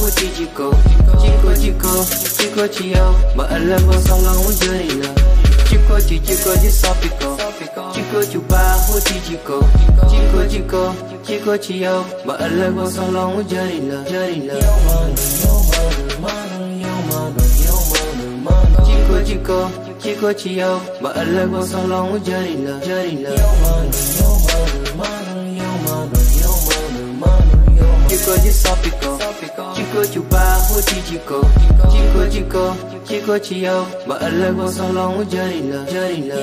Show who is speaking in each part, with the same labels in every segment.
Speaker 1: với Chico Chico Chico Chico Chio Mà anh lên con sông lòng với dưới nè Chico Chico Chico Chico Chico Chupa với Chico Chico Chico Chico Chio Mà anh lên con sông lòng với dưới nè Dưới nè Chico Chico Chico Chio Mà anh lên con sông lòng với dưới nè Dưới nè Chico Chico Chico có chú ba hô chi chi cô chi cô chi cô chi cô chi yêu mà anh lên con long chơi đi lờ chơi đi lờ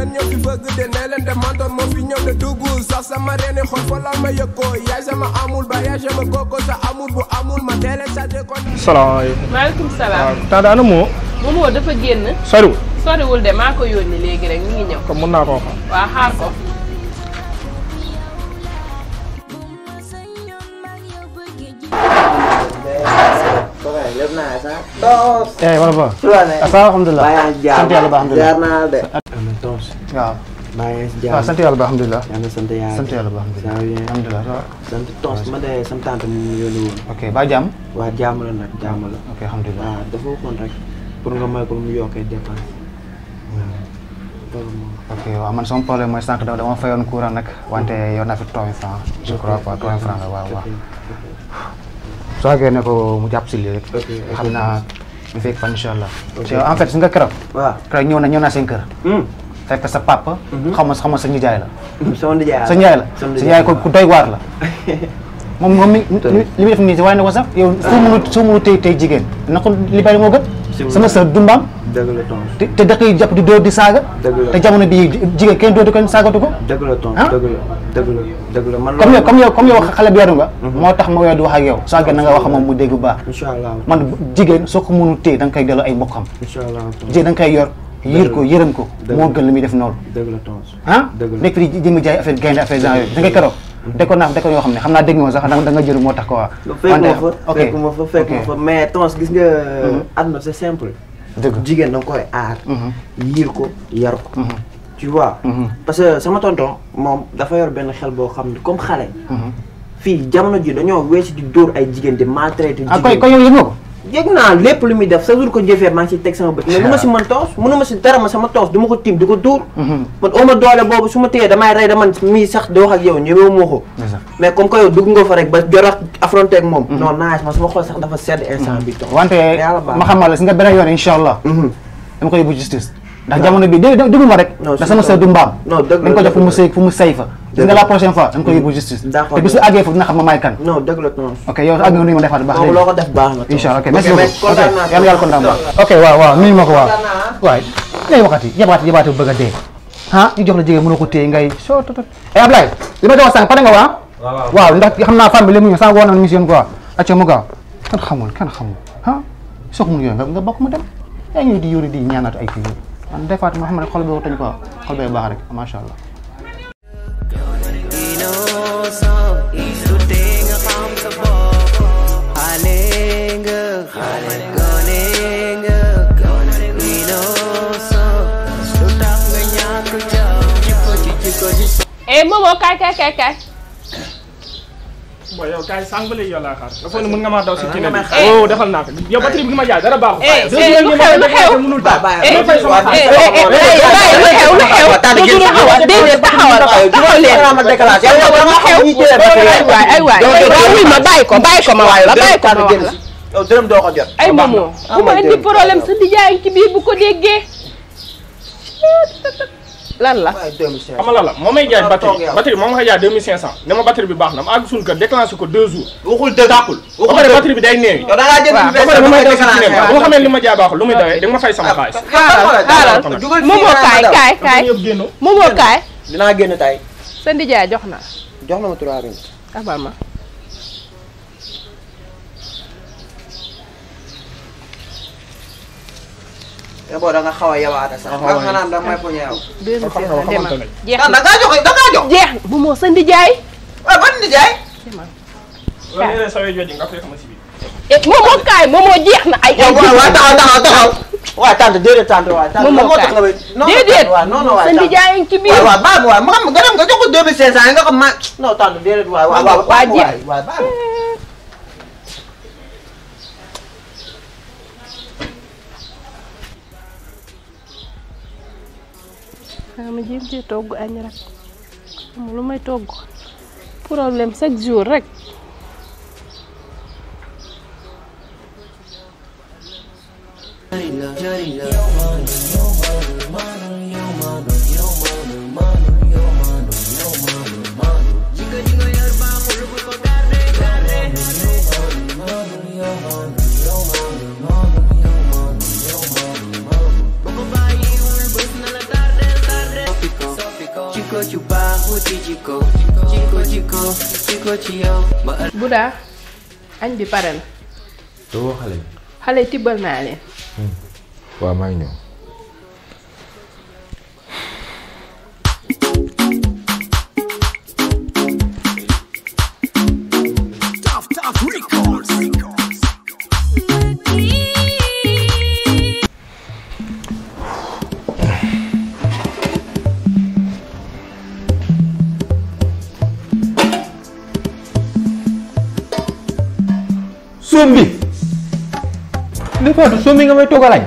Speaker 1: yéen ñoo fi bëgg de ne leen de mantoon moo fi ñëw de dugg sax sama reeni xool fa la ma yëg ko yaay sama amul ba yaay sama koko sa amul bu amul ma teel a sàcce kon. salaamaaleykum. maaleykum salaam. waaw Tade ana moo. moo dafa génn. soriwul. soriwul de maa ko yónni léegi rek mi ngi ñëw. kon mën naa koo xam. waaw xaar ko. lépp naa sax. toos. wala alhamdulilah. maa yàlla ba alhamdulilah jaar yàlla ba alhamdulilah. alhamdulilah. ma de sama tante mu yónni woon. ok ba jàmm. waa jàmm ok alhamdulilah ok waaw man sama problème mooy sànq dama fayoon courant nag wante yow fi trois mille francs je crois la waaw soo àggee ne ko mu jàpp si lii rek. naa ñu fekk fan incha allah. en nga keroog. waaw keroog ñëw na ñëw naa seen kër. fekk sa papa. xaw ma ma sa nijaay la. sa nijaay la sa nijaay la sa nijaay doy waar la. moom moom mi li muy def nii waaye na ko sax yow soo mënu ah. tey jigéen na ko libéré moo gën. sama sër dumbaam. dëgg la te te dëkk yi jàpp di dóor saaga. te jamono bii jigéen kenn dóor di ko saagatu ko. dëgg dëgg la dëgg la man comme yow comme yow comme yow mhm. xale bi yaru nga mhm. moo tax ma di wax ak yow soo àggee na nga wax moom mu dégg bu baax incha allah man jigéen soo ko mënul téye da nga koy delloo ay mbokkam incha allah jigéen da nga koy yor yiir ko yërëm ko moo gën li muy def noonu dëgg la tons ah nekk fi di jëmi jaay affaire gaynde affaire genre yooyu da ngay keroog mhm. déko naa déko yoo xam ne xam naa dégg nga sax da nga jëru moo tax quoi fekkuma fa fekkuma fa fekkuma fa mais tons gis nga àdduna c'est simple dëgg jigéen da nga koy aar yiir ko yar ko tu vois. Mm-hmm. parce que sama tonton moom dafa yor benn xel boo xam ne comme xale. Mm-hmm. fii jamono ji dañoo weesu di dóor ay jigéen di maltraité. Ah, jigéen lu muy def sa jour ko jëfee maa ngi ciy teg sama bët. mais lu ma si mën toos mënu ma si di ko dóor. Mm-hmm. di ma sama xol sax dafa sedd instant bi. wante ma xamal la si nga beneen yoon incha dama koy yóbbu justice. ndax jamono bi dé déglu ma rek ndax sama sër du mbaam dañ ko jox fu mu sëy fu mu sëy fa gis nga la prochaine fois dañ ko yóbbu justice te bisu àggee foofu dina xam ma maay kan ok yow ak nga ma ko def waay ngay waxati yabaati yabaati bu a dee ah ñu jox la jigéen mënoo ko téye ngay soo tot eh Ablaye li ma doon sànq pare nga waa waaw ndax xam naa femme bi li mu ñëw sànq woon na mission quoi acca mu gaaw kan xamul kan xamul ah soxna yooyu nga bokk mu dem yaa ngi di yóri di ñaanatu ay fii man des fois ma xam ne xol boobu tañ quoi xol boobu baax rek macha allah. eh Momo kaay kaay kaay kaay. booy yow kaay sànq ba léegi yow laa xaar. dafa ne mën nga maa daw si ci nawet bi. oh defal naa ko yow batterie bi nga ma jaay dara baaxul. Eh, deux mille eh, nga ma defee mënul taal. ma eh, fay sama xaar. lu xew lu xew. déedéet taxawal taxaw leen. waay ay waay waay ma bàyyi ko bàyyi ko ma wax la bàyyi ko ma wax la. yow dërëm doo ko jot. ay moomoo bu ma indi problème sa nijaay ci biir bu ko déggee. lan la xam nga la moo may jaay batterie batterie moom nga jaay 2500 ne ma batterie bi baax na ma àgg suñu kër déclenché ko 2 jours. waxul dëgg tàppul waxul bi day néew. yow da ngaa jël bu bees si cinéma bu ma jaay baaxul lu muy dawee da ma fay sama xaalis. xaaral xaaral moomoo kaay kaay kaay kaay. dinaa génn tay jox na jox na ma 3 ring abal te boo da nga xaw a yawaate sax. waaw waaw nga naan da may puñu yow. deux mille sept demal jeex na da ngaa jox da ngaa jox. jeex bu moo sa ndijaay. waaw ban ndijaay. moom moo kaay moom moo jeex na ay. ay waaw waaw taxaw taxaw taxaw. waaw tante déedéet tante waay. moom moo tax nga déedéet non non waay sa ndijaay ci biir. waaw waaw baax na waay mu xam nga dem nga jox ko deux mille cinq cent nga ko ma. non tante déedéet waay waaw waaw. waaw jeex waay xanaa ma jéem cee togg añ rek xam lu may togg problème chaque jour rek jikko jikko añ bi pare na xale xale tibbal naa leen hmm. waaw maa ngi soom bi des fois du soom bi nga may togg a lañ